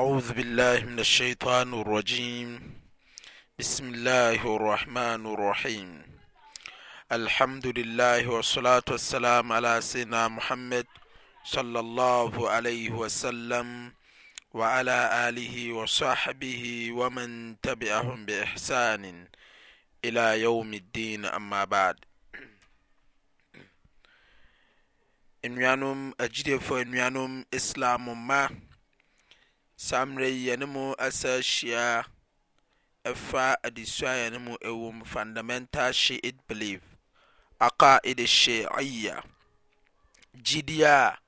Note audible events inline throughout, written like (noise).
أعوذ بالله من الشيطان الرجيم بسم الله الرحمن الرحيم الحمد لله والصلاة والسلام على سيدنا محمد صلى الله عليه وسلم وعلى آله وصحبه ومن تبعهم بإحسان إلى يوم الدين أما بعد إنيانم أجدف إنيانم إسلام ما samre mmerɛ yi yɛne asa ahyia ɛfa adesua a yɛne mu ɛwɔ mu fundamental shiit belief aqaid shiia gyidie a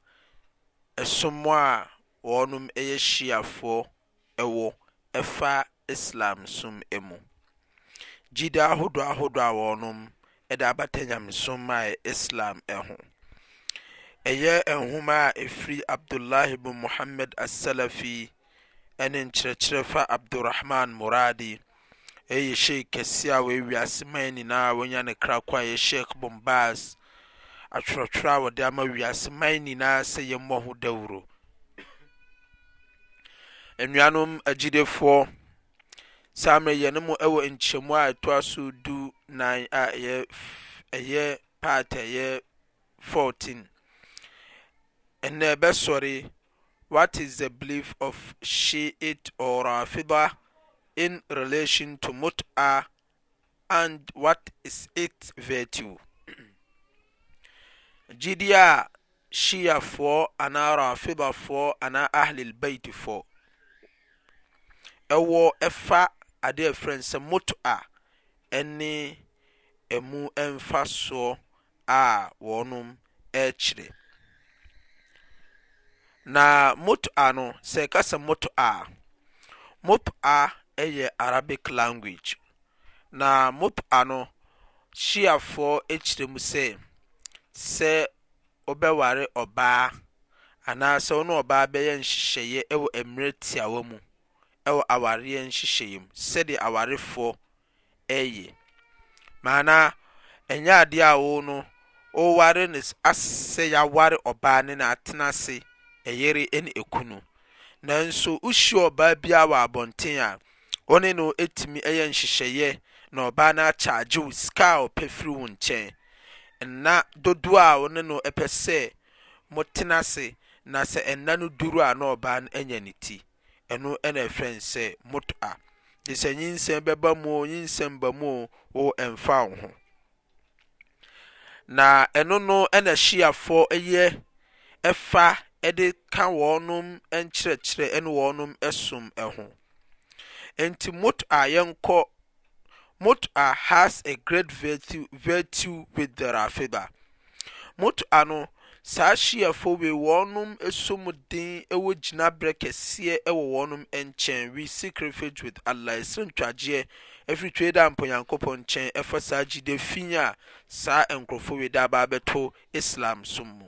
ɛsom a wɔnom ɛyɛ shiafoɔ ɛwɔ ɛfa islam som mu gyidie ahodoɔ ahodoɔ a wɔnom ɛde abata nyamesom a islam ɛho ɛyɛ nhoma a ɛfiri abdullahi bin muhammad asalafi ɛne nkyerɛkyerɛ fa abdurrahman muradi ɛyɛ sheik kɛse a wɔawiase man nyinaa wɔnya ne kra kɔ a yɛ sheik bombas atwerɛtwerɛ a wɔde ama wiase man nyinaa sɛ yɛmmɔ ho dawuro nnuanom agyidefoɔ saa mmerɛ yɛne mu ɛwɔ nkyɛmu a ɛtoa so du na a ɛyɛ ɛyɛ part ɛyɛ 14 ɛnna ɛbɛsɔre what is the belief of Shi'it or Rafida in relation to mut'a and what is its virtue? (clears throat) Jidya Shi'afoɔ anaa Rafidafoɔ anaa Ahlil Baitifoɔ ɛwɔ ɛfa adeɛ frɛ no sɛ mut'a ɛne ɛmu ɛmfasoɔ a wɔnom ɛkyerɛ. na moto a no sɛ kasa moto a mop a yɛ arabic language na mop a no shiafoɔ kyerɛ mu sɛ sɛ wɔbɛware ɔbaa anaasɛ wo ne ɔbaa bɛyɛ nhyehyɛeɛ wɔ mmerɛ tiawa mu wɔ awareɛ nhyehyɛeɛ mu sɛdeɛ awarefoɔ ɛyɛ maana ɛnyɛ adeɛ a wo no wɔware no asɛ yɛaware ɔbaa ne na atena ase ɛyere ɛne ekunu nanso wohyia ɔbaa bi a wɔ abɔnten a wɔne no etumi ɛyɛ nhyehyɛeɛ na ɔbaa no akyagye wo sika a ɔpɛ firi wo nkyɛn nna dodoɔ a wɔne no ɛpɛ sɛ motena ase na sɛ nna no duru a na ɔbaa no anya ne ti ɛno ɛna ɛfrɛ no sɛ moto a de sɛ nyinsɛn bɛba mu o nyinsɛn ba mu o wɔ ɛmfa wo ho na ɛno no ɛna hyiafoɔ ɛyɛ ɛfa ɛde ka wɔnom nkyerɛkyerɛ ne wɔnom som ho nti mota yɛnkɔ mota has a great virtue with the rahiba mota no saa hyiafo wei wɔnom somden ɛwɔ gyinaberɛ kɛseɛ wɔ wɔnom nkyɛn wi sicrefige with allah ɛsirentwagyeɛ afiritwe da a mpanyankopɔn nkyɛn ɛfasaa gyide fini a saa nkurɔfo wiidaabaa bɛto islam som mu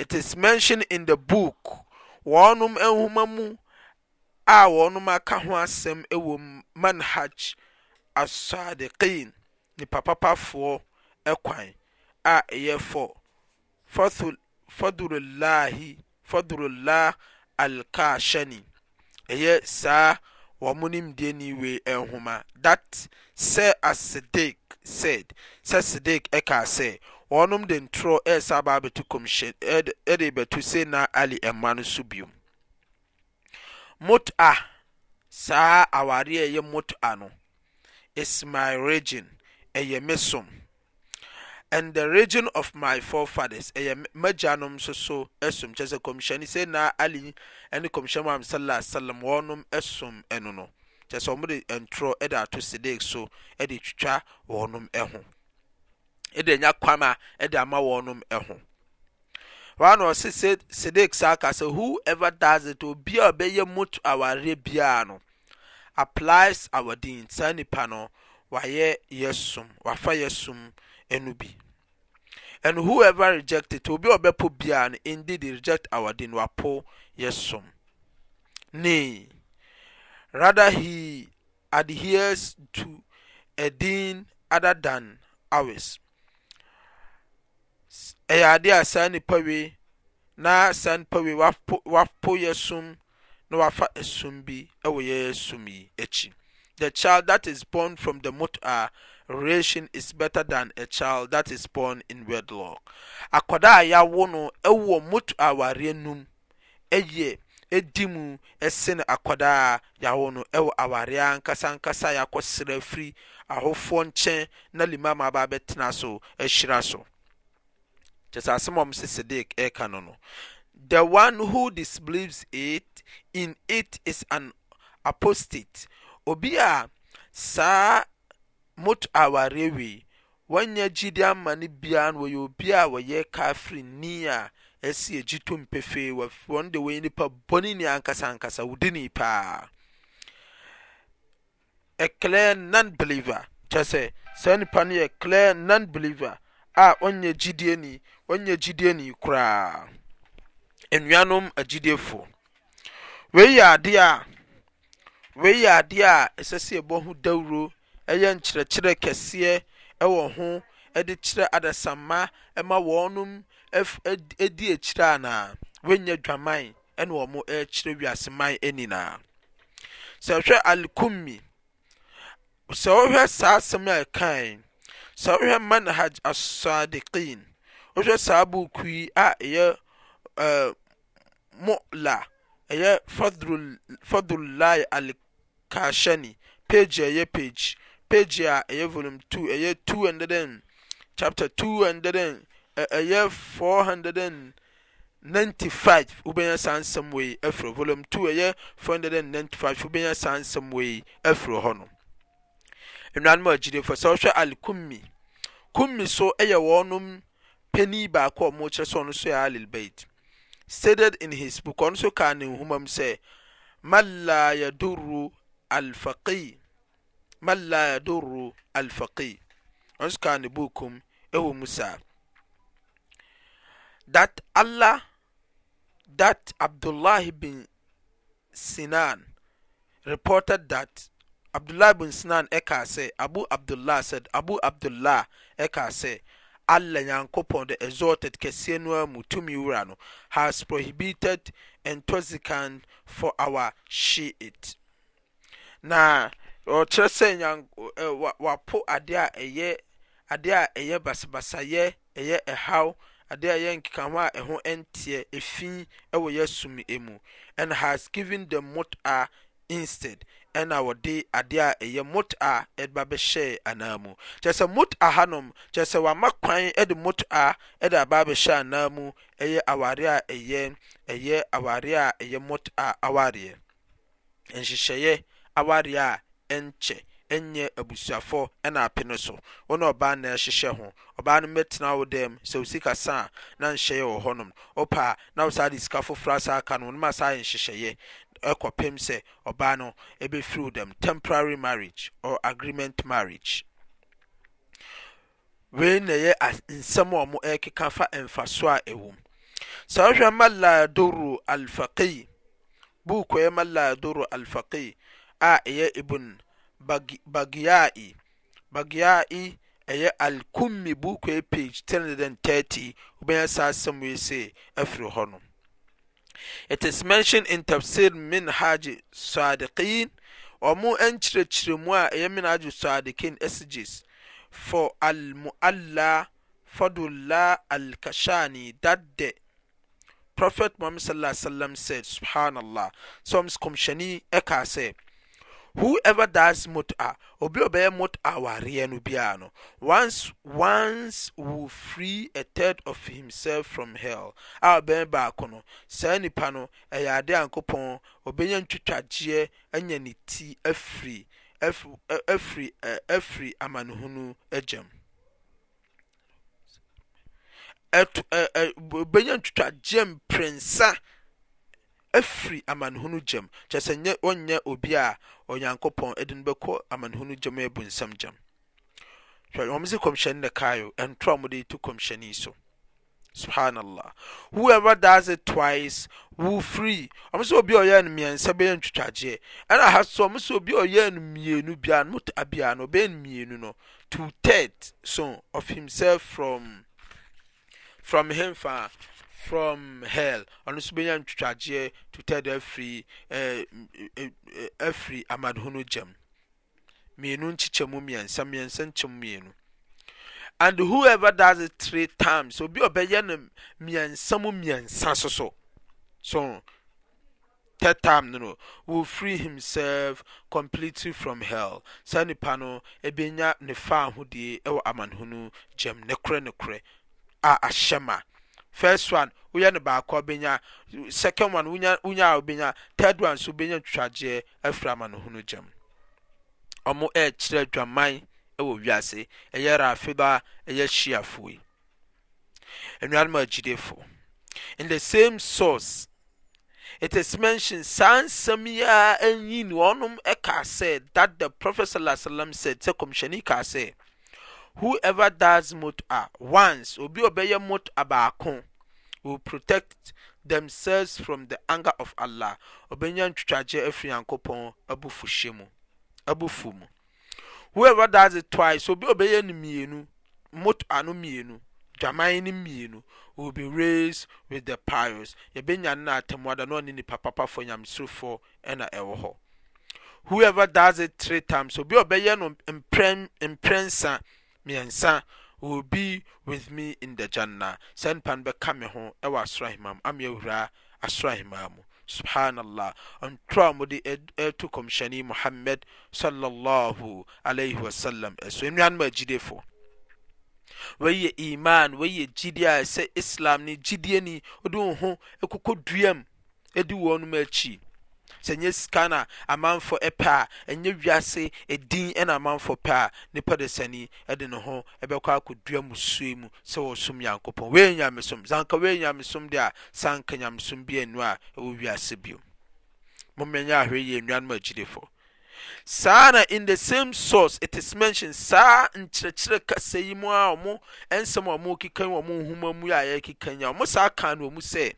itis mentioned in the book wɔɔnom nhoma mu a wɔɔnom aka ho asɛm ɛwɔ manhaj assadekiin nipapapafoɔ kwan a ɛyɛf fadlellah alkashani ɛyɛ saa wɔ mo nemdeɛniwei nhoma that sɛ assydak said sɛ cydak ɛka sɛ wɔnom de ntorɔ ɛresa aba abɛto kɔmhyɛn ɛde bɛto bɛto na ali ɛma no so bio mota saa awaare a ɛyɛ mota no is my region ɛyɛ me som and the region of my forefathers ɛyɛ magyanom nso so som kyerɛ sɛ kɔmhyɛn na ali ne kɔmhyɛn mu am sala salam sallam wɔnom som ɛno no kyerɛ sɛ wɔn de ntorɔ ɛde ato sedek so ɛde twitwa wɔnom ɛho. ɛde nya kwam a de ama wɔnom ho hoa na ɔse sedik saa ca sɛ whoever doest obi a ɔbɛyɛ muto ouareɛ biaa no applies our den saa nnipa no wayɛ yɛ somwafa yɛ som nu bi ɛn whoever rejecte t obi a wɔbɛpo biara no indeed reject our den wapoyɛ som ne rather he adheres to a den other than ouers ɛyɛ adeɛ a saa nipa wei na saa nipa wei wapo yɛ sum na wafa sum bi ɛwɔ yɛ sum yi akyi the child that is born from the mutaa relation is better than a child that is born in wedlock akwadaa a yawo no ɛwɔ mutaa awareɛ num ɛyɛ ɛdi mu ɛsen akwadaa a yawo no ɛwɔ awareɛ ankasa ankasa yakɔ srɛ firi ahofoɔ nkyɛn na limam aba abɛtena so ɛhyira so kyɛ sɛ asɛm a ɔmo sɛ sadiq ɛka no no the one who disbelieves it in it is an apostate obi a saa moto awareɛ wei wɔnyɛ gyidi ama no biara no wɔyɛ obi a wɔyɛ kafiri ni a ɛsi egyi tom pefee wɔn de wɔyɛ nipa bɔne ni ankasa ankasa wodi ni paa a clear non-believer kyɛ sɛ saa nipa no yɛ clear non-believer a ɔnyɛ gyidieni ɔnyɛ gyidieni koraa nnuanom agyidiefo wei yɛ adeɛ a wei yɛ adeɛ a ɛsɛ sɛ yɛbɔ ho dawuro ɛyɛ nkyerɛkyerɛ kɛseɛ ɛwɔ ho ɛde kyerɛ adasamma ɛma wɔnom ɛdi akyire ana. wɔnyɛ dwaman ɛna wɔn ɛrekyerɛ man ɛnyinaa sɛ ɛhwɛ alikummi sɛ wɔhwɛ saa asɛm a ɛkan sɛ wohwɛ manhag assadekin wo hwɛ saa boukuyi a ɛyɛ mola ɛyɛ fadhlullahi alkashani page yɛ page pag a ɛyɛ volume 2 ɛyɛ 20 chapter 20y495 wobɛnya saa nsɛmwyi afiri volume 2 yɛ495 wo bɛnya saa nsɛmwyi afiri hɔ no mgyiefo sɛ wohwɛ alkumi kummi so yɛ wɔnom peni baakɔmokyerɛ sɛɔnsɛ alilbait stated in his book ɔn so ka ne nhomamu sɛ ma la yaduru alfaki ɔnska n bukum ɛwɔ mu sa atalah tat abdulahi bn sinan reported that abdullah bun snan ɛka sɛ abo abdullah sid abu abdullah ɛka sɛ ala nyankopɔn the exorted kɛseɛ no amu tumi wura no has prohibited antoxicant for our shi it na ɔkyerɛ sɛ wapo dɛadeɛ a ɛyɛ basabasayɛ yɛ ɛhaw adeɛ ayɛ nkka ho a ɛho ntiɛ fini wɔ yɛasom emu and has given the mot a instead ɛna wɔde adeɛ a ɛyɛ mot a ɛba bɛhyɛɛ anaa mu kyerɛ sɛ mot a hanom kyerɛ sɛ wɔama kwan de mot a ɛde aba bɛhyɛ anaa mu ɛyɛ awareɛ a ɛyɛ ɛyɛ awareɛ a ɛyɛ mot a awareɛ nhyehyɛeɛ awareɛ a ɛnkyɛ ɛnyɛ abusuafo ɛna apene so wɔn ɔbaa na ɛhyehyɛ ho ɔbaa no mɛtena wo dɛm sɛ osi kasa a na nhyɛeɛ wɔ hɔnom ɔpa na wosaa de sika foforɔ asa aka no wɔn mu asa ayɛ nhyehyɛeɛ ɛkɔpem sɛ ɔba no bɛ friw tem temporary marriage or agreement marriage wei ne yɛ nsɛm a mo ɛkeka fa ɛmfa so a ɛwom sɛ wohwɛ malayadoro alfai buukuɛ malayadoro alfaki a ɛyɛ ibn bagyai bagyai ɛyɛ alkummi buuki page 1030 obɛya saa sɛmyise afiri hɔ no it is mentiond in tabsir minhaje sadikin omu encerecremua ey minhaje sadicin isges for almualla fadulla alkasani dade profet muhammed s sallm said subhanllah somkmsnikase whoever does muta, a obi ɔbɛyɛ mot a no biara no once once will free a third of himself from hell a ɔbɛn baako no saa nipa no ɛyɛ ade a nkopɔn ɔbɛnya ntwitwagyeɛ anya ne ti afiri afiri afiri amanehunu agyam ɛto ɛ ɛ ɔbɛnya ntwitwagyeɛ mprɛnsa. afiri amanohono gyam kyɛsɛyɛ obi a ɔnyankopɔn dn bɛkɔ amanohono gyam yɛbunsm gyammyɛnn ka nt kmynys subhanlah whoevr das tice wo free ɔmsobiɔyɛnmiɛnsɛ bɛyɛntwitwayeɛ ɛnhasmbynmninnn ttt s of himsef fromhamfaa from hell ɔnoso bɛnya ntwitwayeɛ totade afiri eh, eh, eh, amadohono gyamnkykyɛmukɛ and whoever does tree tim s bi ɔbɛyɛ no misamu mmiɛnsa soso so tɛ tam wol fre himself completely from hell saa nnipa no bɛnya ne faahodeɛ ɛwɔ amadohono gyam ne korɛ nekorɛ aahyɛma first one woyɛ no baako benya second one wonya a wobenya third one nso wobenya twitwagyeɛ afiri amanehunu gyam ɔmo ɛɛkyerɛ adwaman ɛwɔ wiase ɛyɛ rafida ɛyɛ hyiafoɔ yi nnuanom agyidefo in the same source it is mentioned saa nsɛm yi a ɛnyi ni ɛka sɛ that the prophet sallallahu alaihi wa sallam said sɛ kɔmhyɛni ka sɛ whoever does mut'a ah, once obi obeye mut'a baako will protect themselves from the anger of Allah obenya ntwitwagye afiri yankopɔn abufuhye mu abufu mu whoever does it twice obi obeye no mmienu mut'a no mmienu dwaman no mmienu will be raised with the pious yɛbɛnya no na atemmuada na ɔne nipa papafoɔ nyamesurofoɔ ɛna ɛwɔ hɔ whoever does it three times obi obeye no mprɛnsa miɛnsa obi with me in the janna sa nipano bɛka me ho ɛwɔ asora hema mu ameɛwera asorahemaa mu subhanallah ɔntrɔw mo de tu kɔmhyaney mohammad sllh lh wasalam asuo nnia noma agyide fɔ wɔi yɛ iman wɔiyɛ gyidie a ɛsɛ islam no gyidie ni wode wo ho ɛkɔkɔ duam di wɔ nom akyi sɛ nyɛ sika na amanfo pɛ a ɛnyɛ wiase din na amanfo pɛ a nipa de sani de ne ho bɛkɔ akɔdua sue mu sɛ wɔsom nyankopɔn wei nyamesom sanka wei nyamesom deɛ a sanka nyamesom bi anu a ɛwɔ wiase bio momɛnyɛ ahwɛ yɛ nnuanom agyidefo saa na in the same source it is mentioned saa nkyerɛkyerɛ kasa yi mu a ɔmo nsɛm a ɔmo keka yi ɔmo nhoma mu a yɛkeka yi a ɔmo saa ka no ɔmo sɛ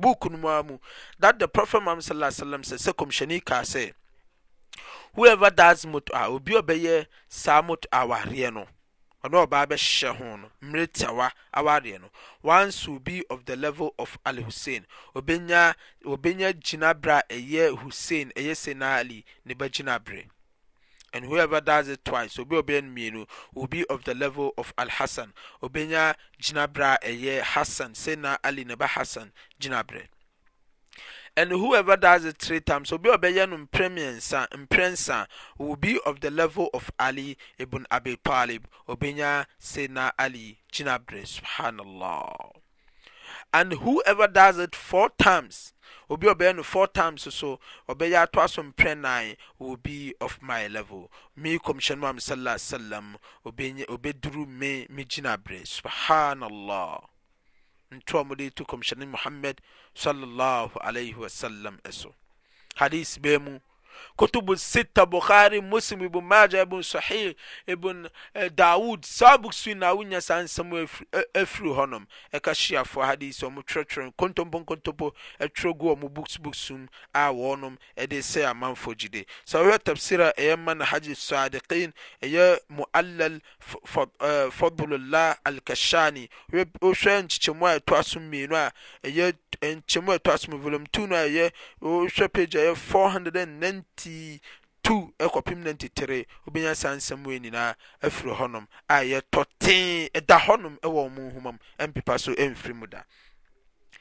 book no mu mu that the prophet muhammad sallallahu alaihi wasallam sɛ sɛ kɔmhyɛni kaa whoever does moto a obi ɔbɛyɛ saa moto awareɛ no ɔno ɔbaa bɛhyɛ ho no mmerɛ tiawa awareɛ no once will be of the level of ali hussein obenya obenya gyinabere a ɛyɛ hussein ɛyɛ senali ne bɛgyinabere and whoever does it twice obi obɛyɛ no mmienu will be of the level of al-hassan obɛnya gyinabere a ɛyɛ hassan sena ali neba hassan jinabra and whoever does it three times obi obɛyɛ no mprɛmiɛnsa will be of the level of ali ibn abi talib obɛnya sena ali jinabra subhanallah and whoever does it four times obi ɔ bɛɛ no fo times so ɔbɛyɛ atɔa so mprɛ na wɔ bi of my level me kɔmhyɛn ne mu amsallasalam o bɛduru me me gyina berɛ subhanallah nto mo de tu kɔmhyɛne mohamad salha wasallam ɛso hadicbmu كتب الستة بخاري مسلم ابن ماجه ابن صحيح ابن آه، داود سابق سوينا ونيا سان سمو آه، افري هنم اكاشي افو حديث ومو كنتم بون كنتم بو اترغو آه، ومو بوكس بوكسوم ا ونم ادي سي امان فوجدي سوى تفسير ايما نحج الصادقين اي مؤلل فضل الله الكشاني وشوين تشمو تواسم مينو اي تشمو تواسم volume 2 na ɛyɛ wohwɛ 490 ninety two ɛkɔpem ninety three wobɛnya saa nsɛm wei nyinaa afiri hɔnom a yɛtɔ tee ɛda hɔnom ɛwɔ wɔn nhoma mu ɛmpepa so ɛmfiri mu da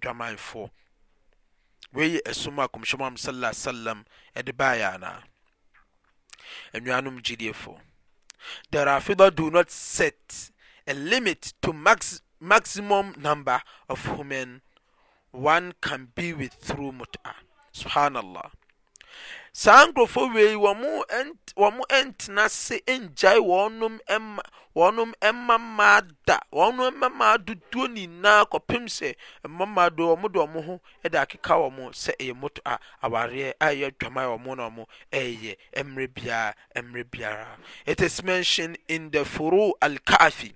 dwamanfoɔ wei yɛ asum a kɔmhyɛ muhammad sallallahu alaihi wasallam ɛde baeɛ anaa anuanom gyidiefoɔ the rafida do not set a limit to max, maximum number of women one can be with through mut'a subhanallah saa nkurɔfoɔ wei wɔn ntena se ngyae wɔnom ma wɔnom ma mmaa da wɔn ma mmaa dodoɔ nyinaa kɔpem sɛ mmaa do wɔn de wɔn ho de akeka wɔn sɛ ɛyɛ moto a awareɛ a ɛyɛ dwama a wɔn na wɔn ɛreyɛ mmerɛ biara mmerɛ biara it is mentioned in the furu al-kaafi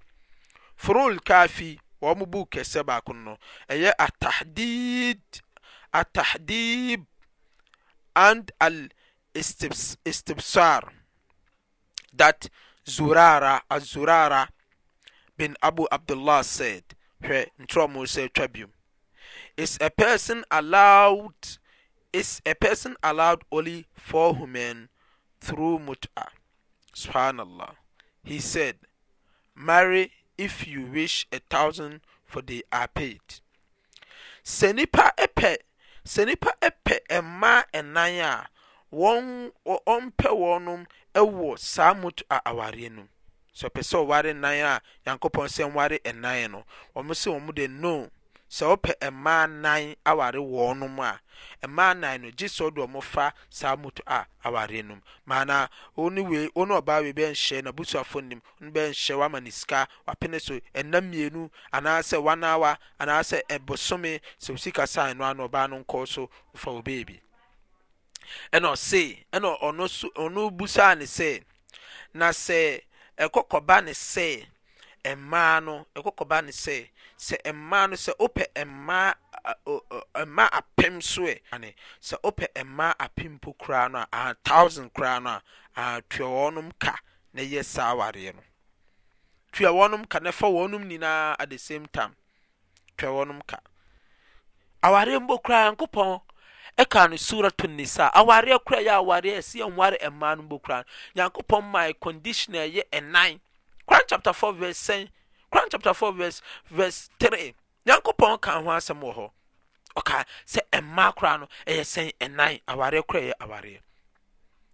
furu al-kaafi wɔn bu kɛse baako no ɛyɛ atahdid atahdib and al-istibsar that Zurara Az-Zurara bin Abu Abdullah said "He ntrɔmo sɛ is a person allowed is a person allowed only for women through mut'a subhanallah he said marry if you wish a thousand for the are paid sɛ sɛ nipa ɛpɛ mmaa ɛnan a wɔn ɔmpɛ wɔn ɛwɔ saa moto a awareɛ no sɛ ɔpɛ sɛ ɔware nan a yankopɔn sɛ nware ɛnan no wɔn sɛ wɔn de no sɛ wɔpɛ mmaa nan aware wɔn mu a mmaa nan no gye sɛ ɔde wɔn fa saa moto a aware no mu maana ɔne wei ɔne ɔbaa wei bɛnhyɛ n'abusuafo nim ɔne bɛnhyɛ wama ne sika wapene so ɛnna mmienu anaasɛ wanawa anaasɛ ɛbosome sɛ osika saa no ano ɔbaa no nkɔ so fa wɔ beebi ɛna ɔse ɛna ɔno so ɔno busaa ne sɛ na sɛ ɛkɔkɔba ne sɛ mmaa no ɛkɔkɔba ne sɛ sɛ mmaa no sɛ wopɛ mmaa mmaa apem so ɛ e, ane sɛ wopɛ mmaa apem po koraa no a a thousand koraa no a a tua wɔnom ka na yɛ saa awareɛ no tua wɔnom ka na fa wɔnom nyinaa at the same time tua wɔnom ka awareɛ mbo koraa nkopɔn ɛka no suratu nisa awareɛ kora yɛ awareɛ ɛsi ɛnware mmaa no mbo koraa nyankopɔn maa conditioner yɛ ɛnan koran chapter four verse 7 kra chap 4 v3 nyankopɔn kan ho asɛm wɔ hɔ ka sɛ ɛmma kora no ɛyɛ sɛn na awareɛ rɛ awareɛ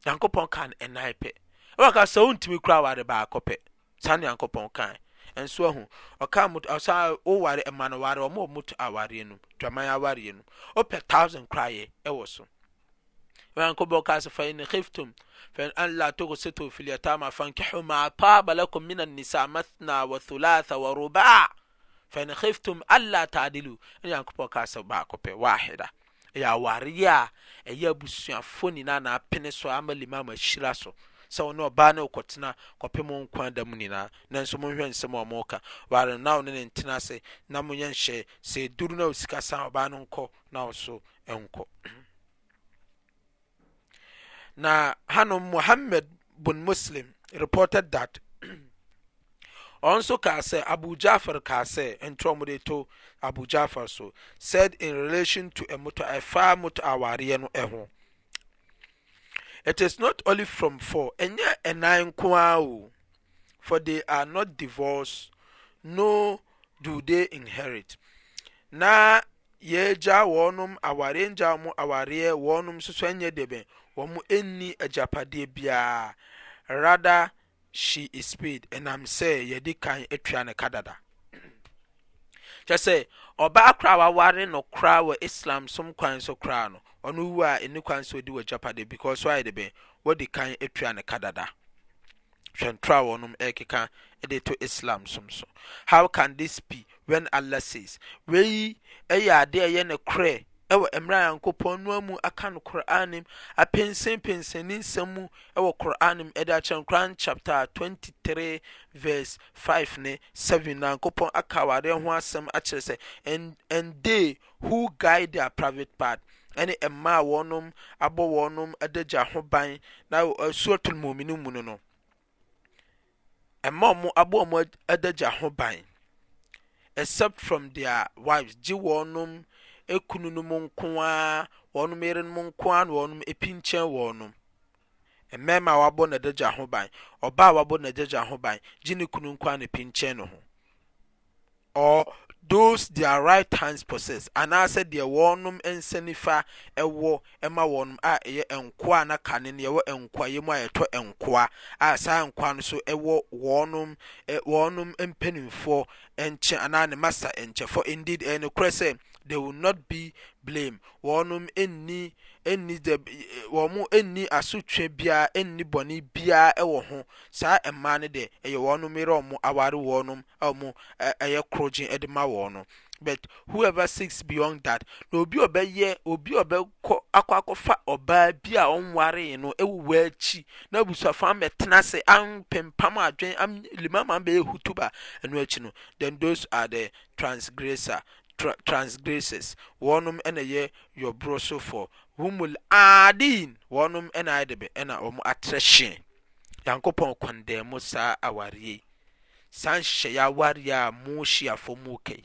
nyankopɔn ka n na pɛ ɛwka sɛ wontumi kora aware baakɔ pɛ saane nyankopɔn kaɛnsahwware manrmamto awareɛ nwa aareɛ nɔpɛ 000 koraɛwɔs antasfiatama an maaalakm min nisa mana watlata ar ntum alatalnpnsns hano mohamed bun muslim reported that (clears throat) ɔnso ka sɛ abu jafar ka sɛ ntmdeto abu jafar so sid in relation to mtoɛfa moto awareɛ no ho itis not only from f ɛyɛ nan nko a o for tde are no divorce no do de inherit na yɛgya wɔnomayawmarɛɔnom soso yɛ de bɛn ɔm nni agyapadeɛ biaa rada shi s peid nam sɛ yɛde kan ata ne kadada kyɛɛ sɛ ɔbaa koraa waware nokora wɔ islam som kwan so koraa no ɔno wu a ɛni kwan sɔdi wɔ japadeɛ because ɛde bɛwodi kan ta nekadada hwɛntrawɔnom keka deto islam som so howanthis b whn alah saseyɛadeyɛn k ɛwɔ mmerɛ anyankopɔn no a mu aka no qorane m apɛsenpɛsene nsɛm mu wɔ qorani m ɛde akyerɛnkoran chapter 23 vs 5 ne s naankopɔn akawade ho asɛm akyerɛ sɛ nde who guie their private part ɛne ɛmaa wɔnom abɔ wɔnom adagya ho ban naasuatlmomeni eh, mu no no mabadagya ho ban except from their wifes gye wɔnm ekunu no mu nko ara wɔn yere no mu nko ara na wɔn epinkyɛn wɔn mmarima a wabɔ n'adagya ho ban ɔbaa a wabɔ n'adagya ho ban gye ne kunu nko ara na nkyɛn no ho or those their right hands possess anaasɛ deɛ wɔn nsa nifa ɛwɔ ɛma wɔn a ɛyɛ nkoa na n'aka no deɛ ɛwɔ nkoa yɛ mu a yɛtɔ nkoa a saa nkoa no so ɛwɔ wɔn ɛ wɔn mpanimfoɔ nkyɛn anaa ne masa nkyɛn indeed ɛyɛ sɛ they will not be blamed wɔnom ɛnni ɛnni the wɔn ɛnni asotwe biara ɛnni bɔnne biara ɛwɔ ho saa mmaa no deɛ ɛyɛ wɔnom yɛrɛ wɔn aware wɔnom a wɔn ɛyɛ korogye ɛde ma wɔn no but whoever seeks beyond that na obi ɔbɛyɛ obi ɔbɛkɔ akɔ akɔfa ɔbaa bi a ɔnware no ɛwuwa akyi na abusuafo amɛtena ase ampempam adwen am limama bɛyɛ hutuba ɛno akyi no then those are the transgressor transgressos wɔnom na yɛ yɔborɔ so fo womol adn wɔnom naɛde bɛ n m atra hyeɛ nyankopɔn kandɛ mo saa awari sa nyhyɛ yawareɛ a mohyiafo mk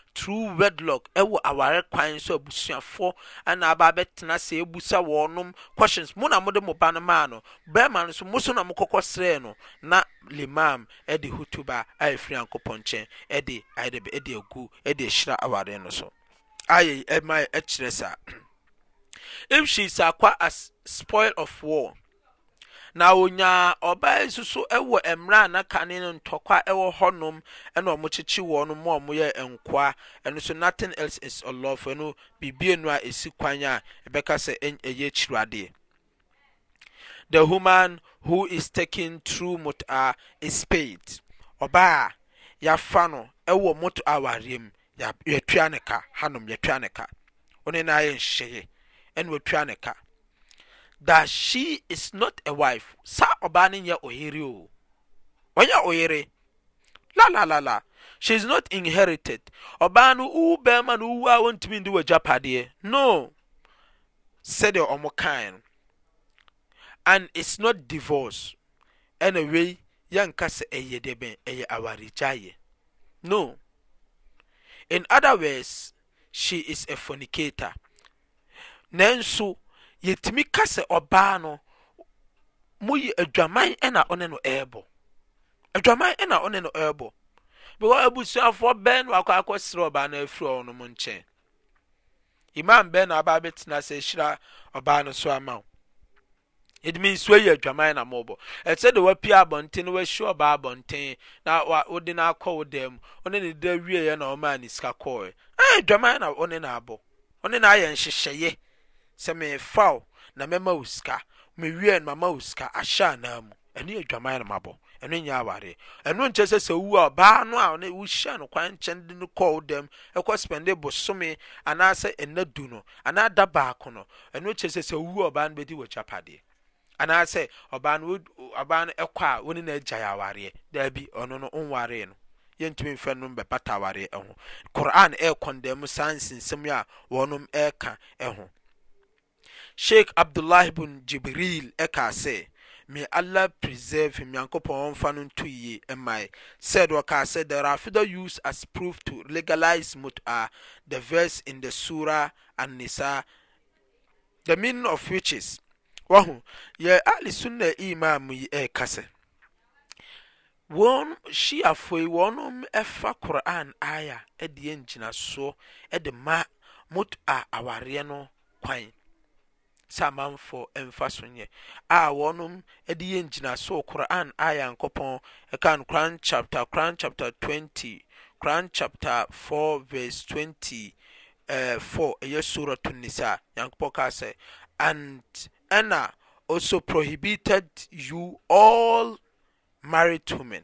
through wedlock ɛwɔ aware kwan so abusuafoɔ ɛna aba abɛtena se ebusa wɔnom questions mu na mo de mo ba no maa no bɛrima no so mo so na mo kɔkɔ srɛɛ no na limam ɛde hutuba a efiri ankopɔ nkyɛn ɛde ayɛdɛ ɛde egu ɛde ehyira aware no so ayɛ ɛma ɛkyerɛ saa (clears throat) if she is akwa as spoil of war na onyaa ɔbaa nso so mmerɛ a na kane ntɔkwa ɛwɔ hɔnom ɛna ɔmo kyekye wɔn mu a ɔmo nkoa ɛno so nothing else is unlawful no biribi enu a esi kwan a ɛbɛka sɛ ɛyɛ kyiradeɛ the woman who is taking through ah, muta is paid ɔbaa yafa no ɛwɔ moto awareɛ mu yɛtua ne ka hanom yɛtua ne ka wɔn nyinaa yɛ nhyehyɛ ɛna wɔtua ne ka that she is not a wife Sa ɔbaa no nyɛ ɔyere o ɔnyɛ ɔyere la la la la she is not inherited ɔbaa no wu bɛrima no wu a wɔntumi ndi wɔ agyapadeɛ no sɛdeɛ ɔmo kan and it's not divorce ɛna wei yɛnka sɛ ɛyɛ deɛ bɛn ɛyɛ awaregyaeɛ no in other words she is a fornicator nanso yɛtumi ka sɛ ɔbaa no moyɛ adwaman ɛna ɔne no ɛɛbɔ adwaman ɛna ɔne no ɛɛbɔ bɛwɔ abusuafoɔ bɛn no akɔ akɔ serɛ ɔbaa no afiri ɔnom nkyɛn imam bɛn na aba abɛtena sɛ ahyira ɔbaa no so ama wo yɛdumi nsuo yɛ adwaman na mɔbɔ ɛsɛ de wapie abɔnten na wahyia ɔbaa abɔnten na wode no akɔ wo dan mu ɔne ne da wieɛ na ɔmaa ne sika kɔɔɛ adwaman na ɔne no abɔ ɔne no ayɛ nhyehyɛeɛ sɛ mefa na mɛma wo sika mewie no mama wo sika ahyɛ anaa mu ɛno no mabɔ ɛno nyɛ awareɛ ɛno nkyɛ sɛ sɛ a ɔbaa no a ne wohyia no kwan nkyɛn de no wo dɛm ɛkɔ spɛnde bosome anaasɛ ɛna du no anaa da baako no ɛno kyɛ sɛ sɛ a ɔbaa no bɛdi wɔkyapadeɛ anaasɛ ɔbaa no ɔbaa sheik abdullah bn jibril ɛka sɛ me alah preserve mankopɔn ɔmfa no ntoyi mae said wɔkaa sɛ there afithar use as prof to legalise mot a the verse in the sura a nisa the min of witches hu yɛ alisunna ema a myi ɛka sɛ syiafoi wɔnom ɛfa quran aya deɛngyinasoɔ de ma mot a awareɛ no kwan sa amafo mfa so yɛ a wɔnom de yɛ ngyina so koro an a nyankopɔn ɛkankran cap kran chapt 20 kran chapt 4 vs204 eh, yɛ suratul nisa nyankopɔn a sɛ and ɛnna ɔso prohibited you all marid women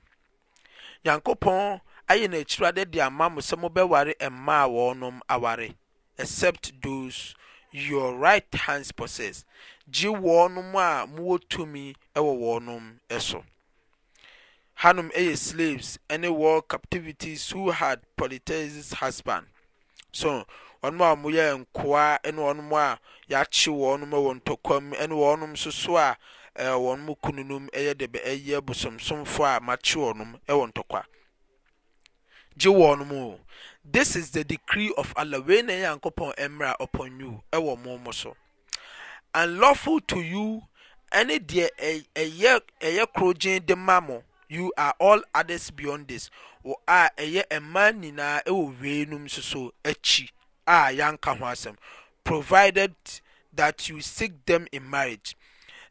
nyankopɔn ayɛ no akyiriwade de ama m sɛ mobɛware ɛmmaa wɔɔnom aware except tos your right hands possess gye wɔɔ nom a mowɔtomi wɔ wɔnom so hanom yɛ slaves ne wor captivities who had politics husband so nom a moyɛ nkoa n nom a yɛakye wɔnom wɔ ntɔkwamu nɔnom soso a wɔnom kununom yɛ de bɛ ɛyɛ bosomsomfo a makye wɔnom wɔ ntɔkwa gye wɔn mu this is the decree of allah wei na ɛyɛ ankopɔn upon you ɛwɔ mo mo so unlawful to you ɛne deɛ ɛyɛ ɛyɛ kurogyen de ma mo you are all others beyond this wɔ a ɛyɛ mmaa nyinaa ɛwɔ wei num soso akyi a yɛanka ho asɛm provided that you seek them in marriage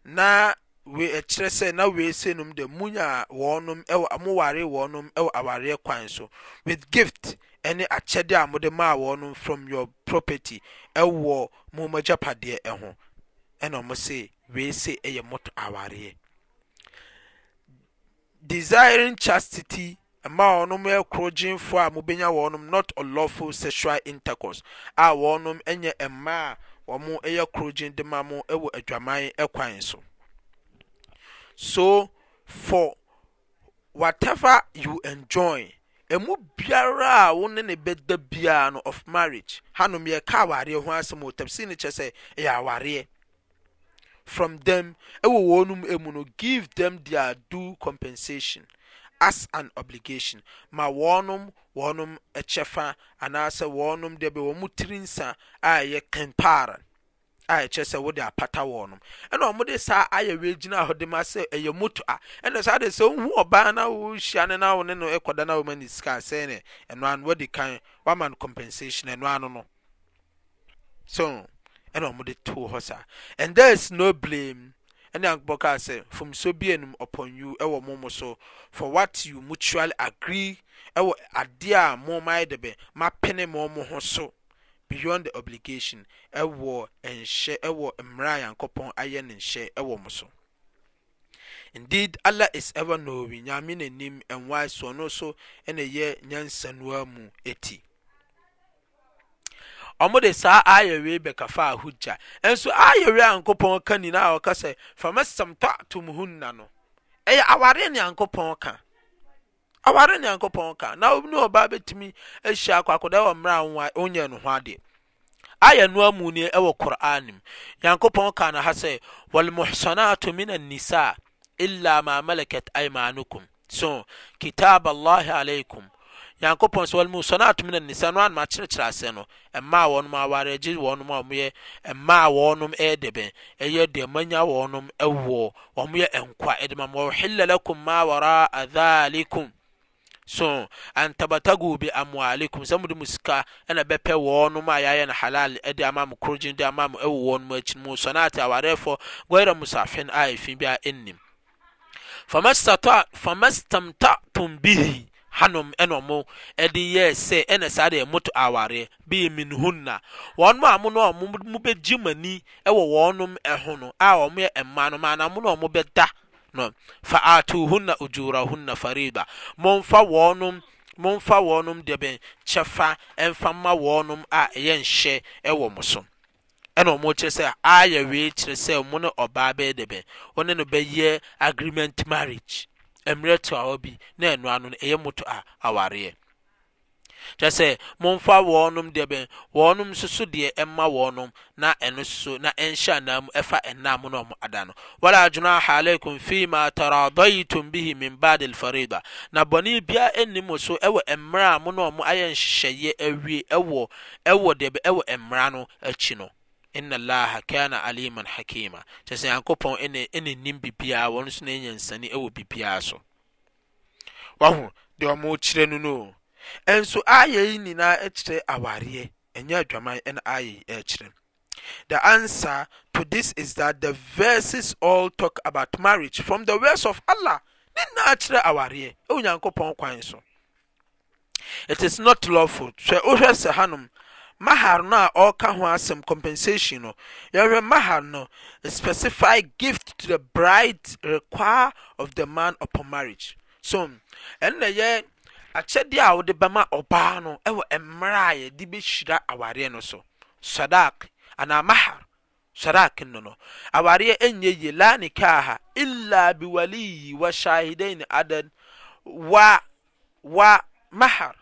na wee eh, ɛkyerɛ sɛ na wei sɛnum dɛ munya wɔnom ɛwɔ amoware wɔnom ɛwɔ awareɛ kwan so with gift ɛne akyɛde a mode maa wɔnom from your property ɛwɔ mo magyapadeɛ ɛho ɛna se ɛyɛ awareɛ desiring chastity mmaa wɔnom a mobɛnya wɔnom not unlawful sexual intercourse a wɔnom ɛnyɛ mmaa a wɔn de ma mo adwaman so so for whatever you enjoy emu biara a wo ne ne bɛda biara no of marriage hanom ka awareɛ ho asɛm o tɛpsi ne kyerɛ sɛ ɛyɛ awareɛ from them ɛwɔ wɔn emu no give them their due compensation as an obligation ma wɔnom wɔnom ɛkyɛfa anaasɛ wɔnom deɛ bɛ wɔn tiri nsa a ɛyɛ kɛmpaara a ɛkyɛ sɛ wode apata wɔ no ɛna ɔmode saa ayɛ wei gyina hɔ de ma sɛ ɛyɛ moto a ɛna saa de sɛ wohu ɔbaa na wohyia ne na wo ne no ɛkɔda na woma ne sika sɛ ne ɛno ano wadi kan woama no compensation ɛno ano no so ɛna ɔmode too hɔ saa and there is no blame ɛne ankopɔ kaa sɛ fomso bi anim upon you ɛwɔ mo mo so for what you mutually agree ɛwɔ adeɛ a mo ma ayɛ dɛ bɛ mapene mo mo ho so byon obligation hywɔ mmarɛ a nyankopɔn ayɛ ne nhyɛ wɔ mo so inded alah is ever nowi nyamenonim nwi soɔno so ne yɛ nyansanoa mu ti ɔmo de saa ayɛwe bɛkafa ahogya ɛnso ayɛ wee nyankopɔn ka nyinaa ɔkasɛ famɛsɛm tatomoho nna no ɛyɛ aware n yankopɔn ka aarenyankopɔnkaatumi si k yade ɛnamuni w kra yankopɔ kaaɛ msna min nisa ka kta kmaɔ nsarerɛɛ so antabatagu bi amwalikum sɛ mode mu sika ɛna bɛpɛ wɔnom a yɛayɛ no halal de ama mo korogyen de ama mo ɛwɔ wɔnom akyi mu sɔnaate awareɛfɔ goyra musafin a ɛfi bi a ɛnnim famastamtatum bihi hanom ɛna ɔmo ɛde yɛɛ sɛ ɛna saa deɛ moto awareɛ bii minhunna wɔnom a mo no ɔmo mo bɛgye mani ɛwɔ wɔnom ɛho no a ɔmo yɛ mmaa no maana mo no ɔmo bɛda no fa atuhunna ujurahunna farida momfa wɔnom momfa wɔnom deɛ bɛn kyɛfa ɛmfa ma wɔnom a ɛyɛ nhyɛ ɛwɔ mo so ɛna wɔn kyerɛ sɛ ayɛ wei kyerɛ sɛ mo ne ɔbaa bɛyɛ deɛ bɛn wɔne no bɛyɛ agreement marriage mmerɛ to a hɔ bi na ɛnoa no ɛyɛ moto a awareɛ kyerɛ sɛ momfa wɔnom deɛ bɛn wɔnom nsoso deɛ ɛma wɔnom na ɛno soso na ɛnhyɛ anaa mu ɛfa ɛnaa mu na ɔmo ada no wala junaha alaikum fi ma taradaitum bihi min ba'd farida na bɔne bia ɛnni mu so ɛwɔ mmerɛ a mo na ɔmo ayɛ nhyehyɛeɛ awie ɛwɔ ɛwɔ deɛ bɛ ɛwɔ mmerɛ no akyi no inna allah kana aliman hakima kyɛ sɛ nyankopɔn ɛne ɛne nim bibiaa wɔn nso na ɛnyɛ nsani ɛwɔ bibiaa so wahu deɛ ɔmo kyerɛ no no nso ayɛ yi nyinaa kyerɛ awareɛ ɛnyɛ adwaman ɛna ayɛ yi ɛkyerɛ the answer to this is that the verses all talk about marriage from the words of allah ne nyinaa kyerɛ awareɛ ɛwɔ nyankopɔn kwan so it is not lawful sɛ wohwɛ sɛ hanom mahar no a ɔreka ho asɛm compensation no yɛhwɛ mahar no specify gift to the bride require of the man upon marriage so ɛnna yɛ acyɛdeɛ a wode bɛma ɔbaa no ɛwɔ ɛmmeraayɛde bɛhyira awareɛ no so sadak ana mahar sadak no no awareɛ ɛyɛ ye la nikaha ila bewaliyi wa shahidain adad wa mahar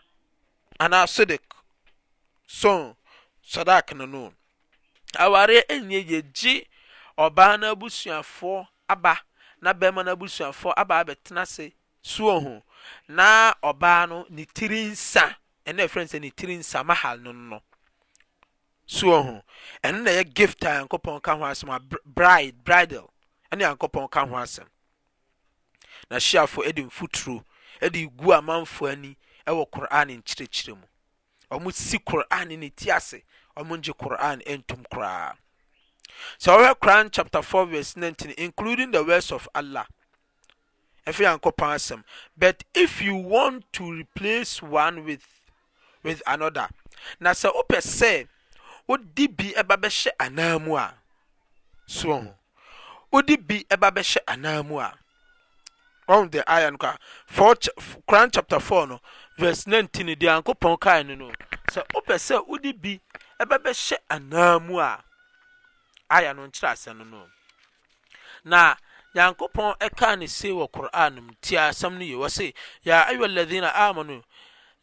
ana sodik son sadak nono wareɛ ɛyɛ ye gye ɔbaa no abusuafoɔ aba nabɛrma noabusuafoɔ ababɛtena ase suo h na ɔbaa no ne tiri nsa ɛna ɛfrɛ sɛ ne tiri nsa mahal no no so ɔho ɛno na ɛyɛ gift a yankopɔn ka ho asɛm a bride bridal ɛne yankopɔn ka ho asɛm na hyiafo ɛde mfuturo ɛde gu amanfo ani ɛwɔ koran nkyerɛkyerɛ mu ɔmo si koran ne ti ase ɔmo ngye koran ɛntum koraa so ɔhwɛ koran chapter 4 verse 19 including the words of allah but if you want to replace one with with another now say, wopɛ say, would it be a soɔ anamua? Mm-hmm. wodi Would it be anaa mu a ɔn de aya no ka four koran chapter four no verse nineteen The Anko kaa no no So wopɛ say, would it be bɛhyɛ anaa mu a aya no nkyerɛ asɛm no no Now." nyankopɔn ɛka ne se wɔ qur'an mu ti asɛm no yɛ wɔ se ya ayuha alladhina amanu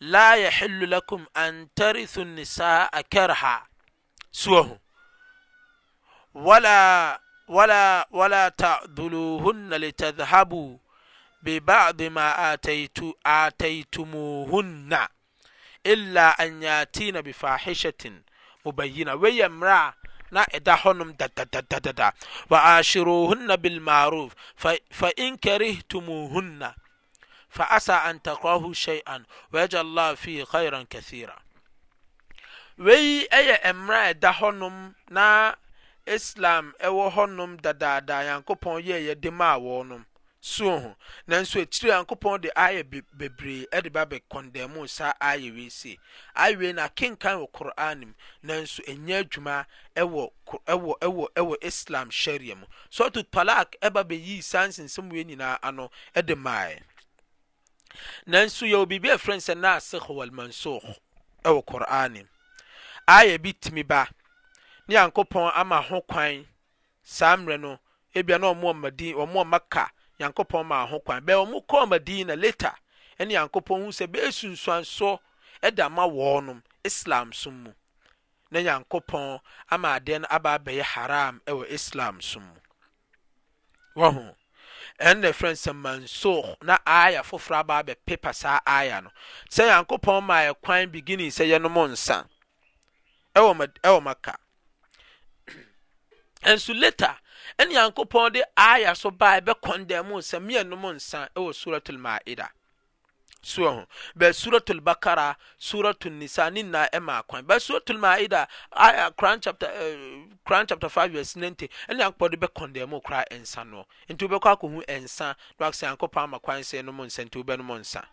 la yahillu lakum an tarithu nisaa karha suwa ho wala wala wala ta'dhuluhunna litadhhabu bi ba'd ma ataytu ataytumuhunna illa an yatina bi fahishatin mubayyina wayamra na ɛda hɔnom dadadadada wa ashiruhunna bilmaruf fa in karihtumuhunna fa asa an takrahu shay'an wa yaj'al Allah fihi khayran kathira wei ɛyɛ mmerɛ a ɛda hɔnom na islam ɛwɔ hɔnom dadaada yankopɔn yɛɛyɛ de maa wɔnom suo ho nanso akyire nyankopɔn de ayɛ bebree ɛde ba bɛ kɔndɛmu saa ayɛ wei se ayɛ wei na kenkan wɔ koran mu nanso ɛnyɛ adwuma ɛwɔ ɛwɔ ɛwɔ ɛwɔ islam sharia mu sɔɔto talak ɛba bɛyii saa nsensɛm wei nyinaa ano ɛde maaɛ nanso yɛwɔ biribi a frɛ sɛ naaseh walmansokh ɛwɔ koran mu ayɛ bi tumi ba ne nyankopɔn ama ho kwan saa mmerɛ no ebia na ɔmo ɔmo din ɔmo ɔmo ka yankopɔn ma ho kwan bɛɛ ɔmo kɔɔ na leta ɛne yankopɔn hu sɛ bɛɛsunsuansoɔ ɛda ma wɔɔnom islam som mu na yankopɔn ama adeɛ no aba abɛyɛ haram ɛwɔ islam som mu wɔho ɛn na ɛfrɛ sɛ mansokh na aya foforɔ aba abɛpepa saa aya no sɛ yankopɔn ma yɛ kwan beginning sɛ yɛnom nsa ɛwɔ ɛwɔ maka (clears throat) ɛnso leta. ɛne nyankopɔn de aya so baa ɛbɛkɔndɛn mu nsɛm mmienum nsa ɛwɔ suratul maida sura ho bɛ suratul bakara suratul nisa ne nyinaa ɛma akwan bɛ suratul maida aya koran chapter ɛɛ eh, koran chapter five verse ninety ɛne nyankopɔn de bɛkɔndɛn mu koraa nsa no nti wobɛkɔ akɔhu nsa na wakisɛ nyankopɔn ama kwan sɛ ɛnum nsa nti wobɛnum nsa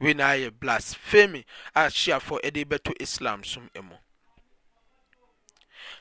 wei na ayɛ blasphemy a shiafoɔ ɛde bɛto islam som mu.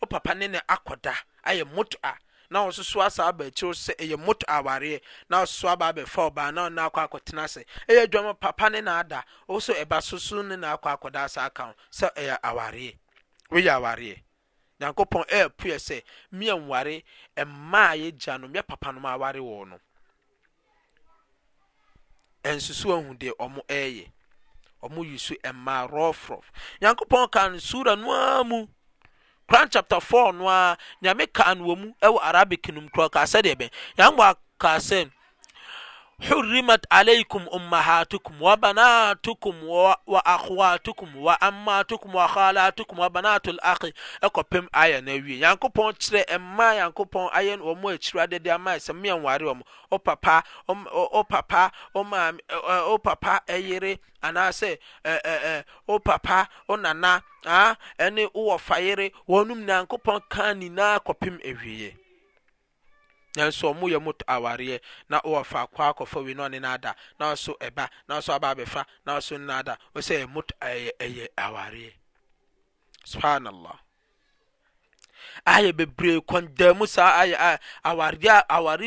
wo papa ne ne akɔda ayɛ moto a na ɔsoso asaa aba akyiri sɛ ɛyɛ moto awareɛ na ɔsoso aba abɛfa ɔbaa na ɔna akɔ akɔtena ase ɛyɛ adwuma papa ne na ada ɔso ɛba soso ne na akɔ akɔda asa aka ho sɛ ɛyɛ awareɛ woyɛ aware wɔ koran chapter 4 no a nyame kan wɔ mu wɔ arabic no mu koraa kaa sɛdeɛ bɛn nyame bɔ kaa sɛ حرمت عليكم أمهاتكم وبناتكم وأخواتكم وأماتكم وخالاتكم وبنات الأخ أكو بم آية نوي يانكو بون تري أما يانكو بون آية ومو يترى دي دي أما يسمي أنواري ومو أو بابا أو بابا أو بابا أيري anaasɛ ɛɛ ɛɛ o papa o nana ɛne o wɔ fa yere wɔn nom nyankopɔn kan nyinaa ɔmuya mt aware na fa kakɔfa inɔne nada nas ba n babfa nda sɛyɛɛ aware sbhanla ayɛ bebree ɔdsaware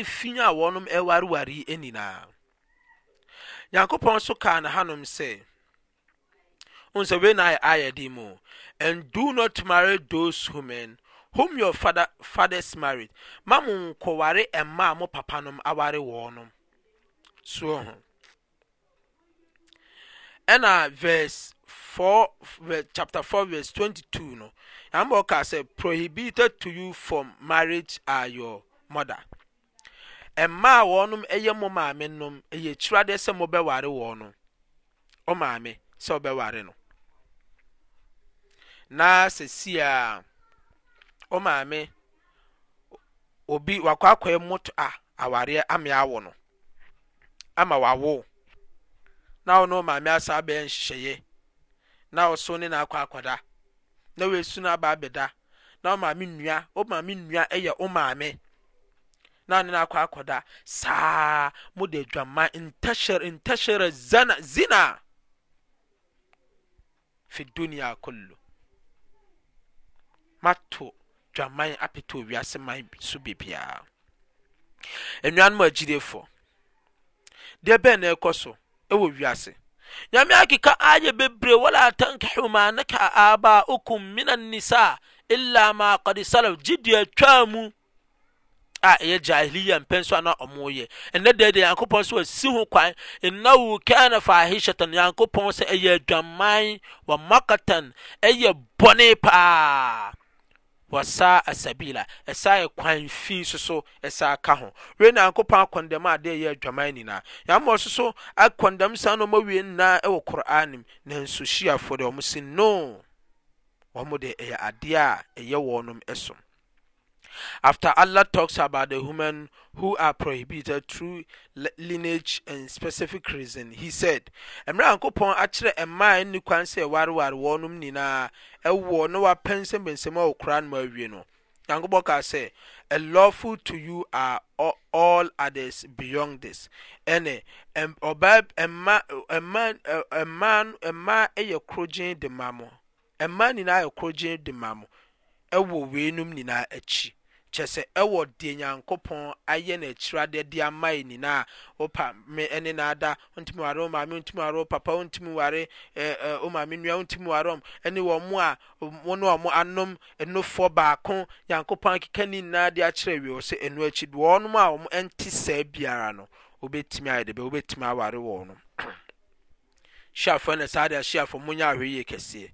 fiaawɔnm wareware aninaa nyankopɔn so ka na hanm sɛ swenayɛ ayd m na whom your father fathers married mamu mo nkɔware mmaa a mo papa nom aware wɔn no soɔ ho ɛna verse four chapter four verse twenty-two no yàmbɔ kaa sɛ prohibited to you from marriage are your mother mmaa a wɔn yɛ mo maame nom yɛ kyerɛ adeɛ sɛ mo bɛware wɔn no ɔmaame sɛ ɔbɛware no na sɛ si a. o maame obi wakɔ akɔɛ moto a awareɛ ama awo no ama wawo na wo ne maame asa abɛyɛ nhyehyɛeɛ na wo so na naakɔ akɔda na woesu no aba abɛda na wo maame nnua wo maame nnua yɛ wo maame na ne naakɔ akɔda saa mode adwama ntɛhyɛrɛ zina zina fi dunia kullu adwaman apete owiase man so bebiara nnuanom agyidefo deɛ bɛn na ɛkɔ so ɛwɔ wiase nyame akeka ayɛ bebree wala tankahu ma aba abaukum min annisa illa ma qad salaf gyidi atwaa mu a ɛyɛ jahiliya mpɛn so ana ɔmo yɛ ɛnɛ deɛ deɛ yankopɔn so asi ho kwan innahu kana fahishatan yankopɔn sɛ ɛyɛ adwaman wa makatan ɛyɛ bɔne paa w'asa asabila ɛsaa ɛkwan fii so soso ɛsaa ka ho wei na nyankopɔn akɔndɛm a de ɛyɛ adwaman nyinaa yɛama ɔso soso akɔndɛm saa na ɔmawie nyinaa ɛwɔ koran nim nanso hyiafoɔ deɛ ɔmo si no wɔmo de ɛyɛ adeɛ a ɛyɛ wɔnom ɛso after alah talks about the woman who ar prohibited trough lineage and specific reason he said mmera nyankopɔn akyerɛ maa ɛnnikwan sɛ warewarewɔ nom nyinaa ɛwɔ na wapɛnsɛmbensam awɔkora noma awie no nyankopɔn ka sɛ alowful to you ar all others beyond this ɛne ma nyinaa yɛ korogyee de ma m wɔ weinom nyinaa akyi kyɛ sɛ ɛwɔ deɛ nyankopɔn ayɛ n'akyirade de ama yi nyinaa wopa me ne naada wontumi ware wo maame wontumi ware wo papa wontumi ware wo maame nnua wontumi ware ɔm ɛne wɔ mo a wo ne ɔmo anom ɛnofoɔ baako nyankopɔn akeka ne nyinaa de akyerɛ wie sɛ ɛno akyi wɔnom a wɔn ɛnte saa biara no wobɛtumi ayɛ dɛbɛ wobɛtumi aware wɔn no hyiafoɔ ne saa de ahyiafoɔ monya ahwɛ yie kɛseɛ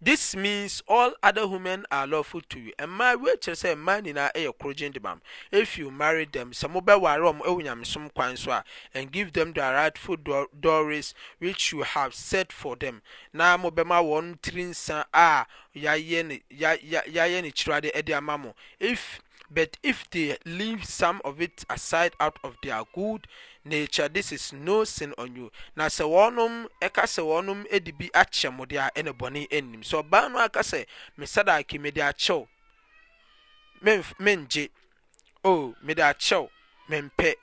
this means all other women are lawful to you mmaa wei kyerɛ sɛ mmaa nyinaa yɛ korogyen de mam if you marry them sɛ mobɛware wɔn wɔ nyamesom kwan so a and give them the rightful dowries which you have set for them na mobɛma wɔn tiri nsa a yɛayɛ ne yɛayɛ ne kyerɛade de ama mo if but if they leave some of it aside out of their good nature thisis no sin o ne na sɛ noɛkasɛ wɔnom dibi akyɛmodeɛ a nebɔne anim sɔbaa no aka sɛ mesadake edekgeedekyɛ mempɛ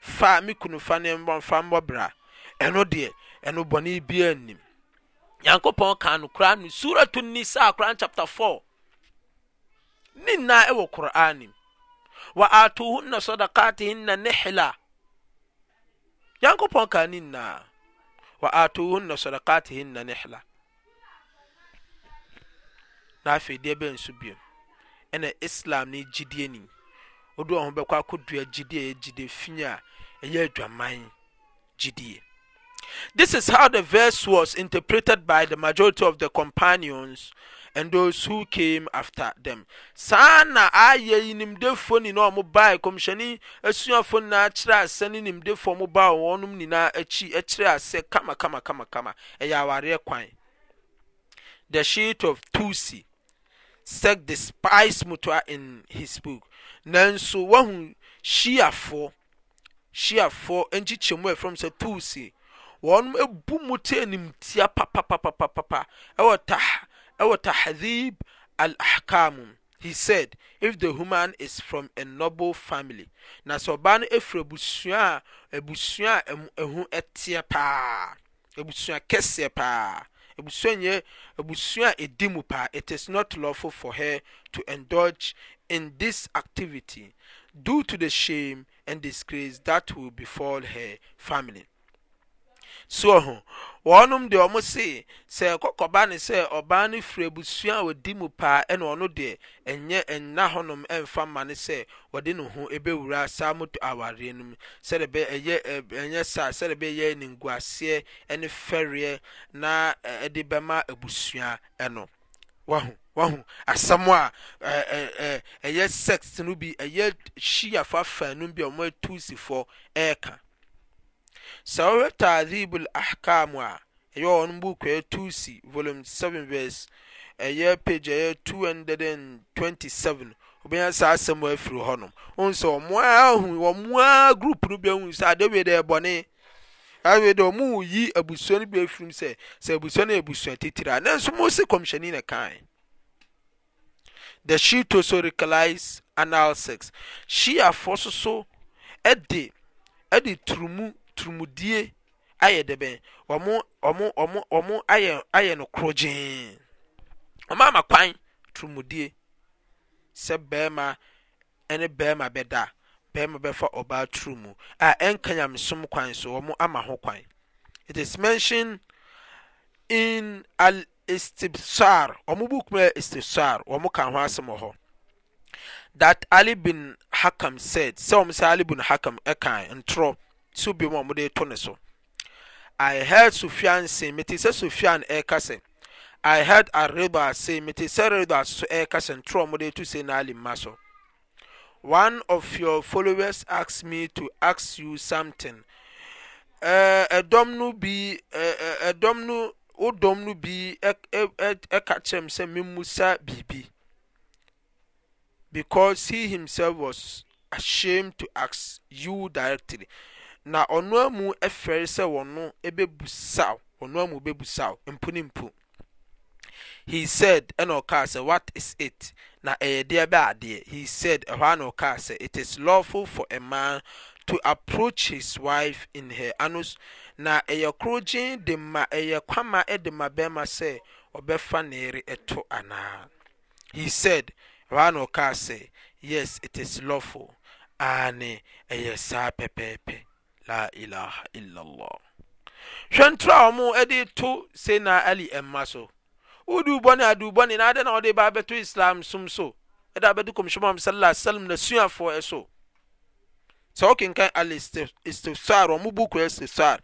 fa mekun fanefa mɔbra ɛno deɛ ɛno bɔne bianim nyankopɔn ka no koraan mo suratu nisa qoran chap 4 ne nnaa ɛwɔ qurani m wa atohunna sadakati hinna nihila nyankopɔn kaa ni nnaa wa atohunna sadakatihinna ne hla na afei deɛ bɛnso biom ɛne islam ne gyidie ni woduwɔ ho bɛkɔ ako dua gyidieɛgyide fie a ɛyɛ adwaman gyidie this is how the verse was interpreted by the majority of the companions m afte tem saa na ayɛi nimdefo nyinamo ba komhyɛne suafo yinaa kyerɛasɛne nimdfmaɔnnyia kkerɛsɛ kamakmamayɛarɛ kwatshtssu kikyeɛmfsɛ tsnm bm te nimtia pa wɔ tahdhib al ahkamu he said if the human is from a noble family na sɛ ɔbaa no firi absua a abusua a hu t paa abusua kɛs paa suayabusua a ɛdi mu paa it is not lawful for her to indulge in this activity due to the shame and disgrace that will befall her family suo ho wɔnom deɛ ɔmo se sɛ kɔkɔba ne sɛ ɔbaa no firi abusua a wɔdi mu paa ɛna ɔno deɛ ɛnyɛ ɛnna hɔnom ɛmfa ma ne sɛ wɔde ne ho ebɛwura saa moto awareɛ no mu sɛde bɛ ɛyɛ ɛnyɛ saa sɛde bɛ yɛ ne nguaseɛ ɛne fɛreɛ na ɛde eh, bɛma abusua ɛno wahu wahu asɛm a ɛɛ ɛɛ ɛyɛ sex no bi ɛyɛ hyiafa fɛn no bi a wɔn atusifoɔ ɛɛka. sɛ wowɛ taasib lahkam a yɛɔwɔn bouk yɛ tus vome7v pag 227 ɛasaa sɛm afiri ɔnousɔoamoa group no bau s ɔnemyi abusua n bifi s sanobusua titiraneso mus kɔmhyanin ka thesye tosoricalis analysis syiafɔ soso de turmu turumudie ayɛ dbɛm ayɛ nokorɔ ge m ama kwan trmdi sɛ bma ne bɛma bɛda bma bɛfa ɔba trumu a ɛnka yamsom kwan so ɔmo ama ho kwan itis mention in astipsar m bkma stibsar m kan ho asɛm hɔ that ali bin hakam siɛɛ ali bin hakam kat so bi mu a wɔde to ne so i heard sufian say mete sɛ sufian ɛreka sɛ i heard arriba say mete sɛ arriba so ɛreka sɛ ntorɔ wɔde to sɛ n'alim ma so one of your followers asked me to ask you something ɛdɔm e, e no bi ɛdɔm e, no wo dɔm no bi ɛka kyerɛ m sɛ memusa biribi because he himself was ashamed to ask you directly na ɔno amu fɛre sɛ wɔno bɛbusaw ɔno amu bɛbusaw mpo ne mpo he said ɛna ɔkaa sɛ what is it na ɛyɛ deɛ bɛ adeɛ he said ɛhɔ ana ɔkaa sɛ it is lawful for a man to approach his wife in her anus na ɛyɛ korogyen de ma ɛyɛ kwama de ma bɛrima sɛ ɔbɛfa neere ɛto anaa he said ɛhɔ ana ɔkaa sɛ yes it is lawful ane ɛyɛ saa pɛpɛɛpɛ hwɛn toroa ɔ mu de to sena ali mma so wo d bɔne adbɔne nadɛna bbɛto islam som so dbo kɔhwɛma saasalm nasuafoso sɛ wokekan alstiar mo bokastar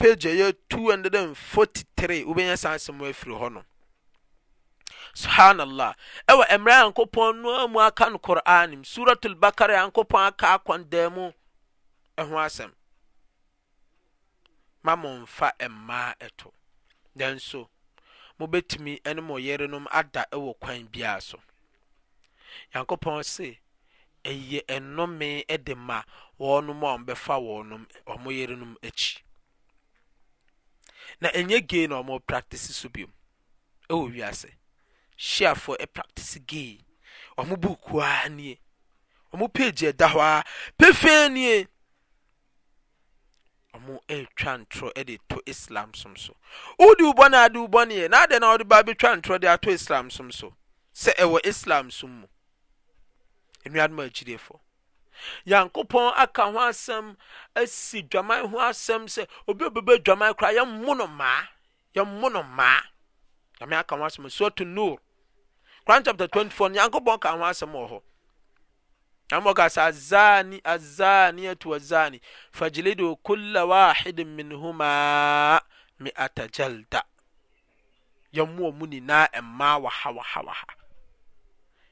tɛpag y43 wobɛasa sɛm afiri ɔno subhanallah ɛwɔ mmerɛ yankopɔn no a mu aka no qur'an mu suratul bakara yankopɔn aka akɔndan mu ɛho asɛm ma momfa mmaa ɛto nanso mobɛtumi ne mo yerenom ada ɛwɔ kwan biara so yankopɔn se ɛyɛ nnome de ma wɔnom a wɔbɛfa wɔnom wɔn yerenom akyi na ɛnyɛ gay na wɔn practice so biom ɛwɔ wiase safo eh, practice ga ɔm bkani ɔm pegy da hɔ a pfni mtwa ntoet islam ss ode wobɔne ae wobɔnenaɛnaɔe batwa ntoɔ de tɔ islam som so sɛ ɛwɔ islam som munnudmgyif nyankopɔn aka ho asɛm si dwaman ho asɛm sɛbi bdwaman oraa ra chapt 24 nyankopɔn ka ho asɛm wɔ hɔ amka sɛ aazaniato wazani fa jelidoo kula wahidin minhomaa me atajalda yɛmu mu nyinaa ɛmaa wahawwha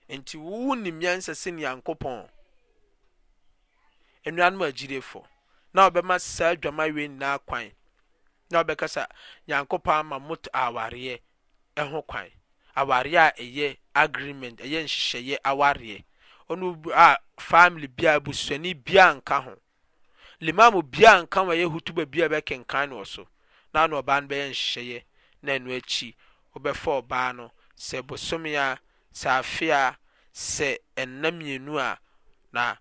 nti wo nimansa sen nyankopɔn nnuanom agiref na wobɛma saa dwama we nyinaa kwan na obɛka sa nyankopɔn ama mot aawareɛ ho kwan awareɛ a ɛyɛ agreement ɛyɛ nhyehyɛeɛ awareɛ ɔno a family bia busuani bia nka ho limamu bia nka ho ɛyɛ hutuba bia bɛkenkan no so na na ɔbaa no bɛyɛ nhyehyɛeɛ na ɛno akyi wɔbɛfa ɔbaa no sɛ bosome a sɛ afe a sɛ ɛnna mmienu a na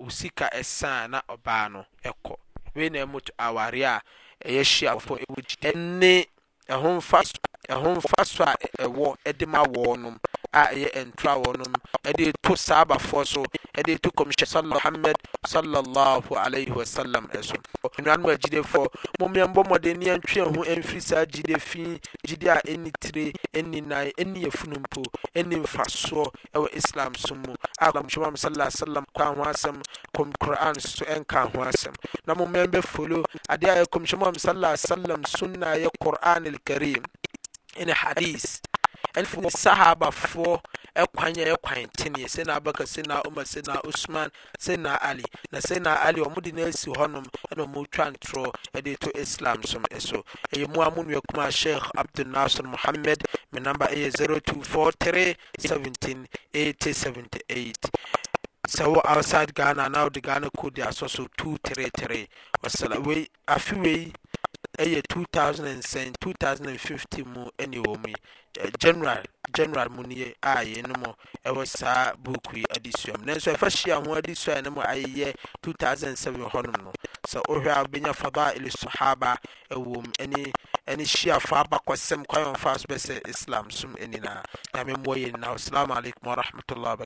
osika ɛsan na ɔbaa no ɛkɔ wei na ɛmu awareɛ a ɛyɛ hyia afɔ ɛwɔ gyi ɛne ɛho mfa so ɛho mfa so a ɛwɔ ɛde mawɔɔ nom a ɛyɛ ntaa wɔ nom ɛde to saabafoɔ so ɛde t kd ɛsamgyidefɔ momeɛ bɔmmɔde nneantweaho mfiri saa gyide fii gyidi a ɛnnitire nina ɛniɛfunu mpo ɛni mfa soɔ ɛwɔ islam so mu hhas kaho asɛm kom quran so ɛnka ho asɛm na mommɛm bɛfolo adeɛ a ɛ kɔmhyɛmoham sa salam sunna yɛ qor'an al karim ne hadissahabafoɔ ɛkwan a ɛkwan tineɛ sadna bakar saidna oma sadna osman sedna ali na sedna ali ɔmode na asi hɔnom ne mu twantrɔ de to islam som ɛso ɛyɛ mu a mu nnuakuma shiik abdunaser muhamad me nambe ɛyɛ 02437878 sɛ wo outside ghana nawde ghana ko de asɔ so 233s ɛyɛ 2007 2015 mu ɛne wɔ mu yi general general mu ni yɛ a yɛnom ɛwɔ saa book yi adesua mu nanso ɛfa hyia ho adesua yɛnom ayɛyɛ 2007 hɔnom no So wohwɛ a wobɛnya faba ele sahaba ɛwɔ mu ɛne ɛne hyia fa abakɔsɛm kwan wɔmfa so bɛ sɛ islam som ɛninaa nyame mmɔ yɛ nyinaa wassalamu alaikum warahmatullahi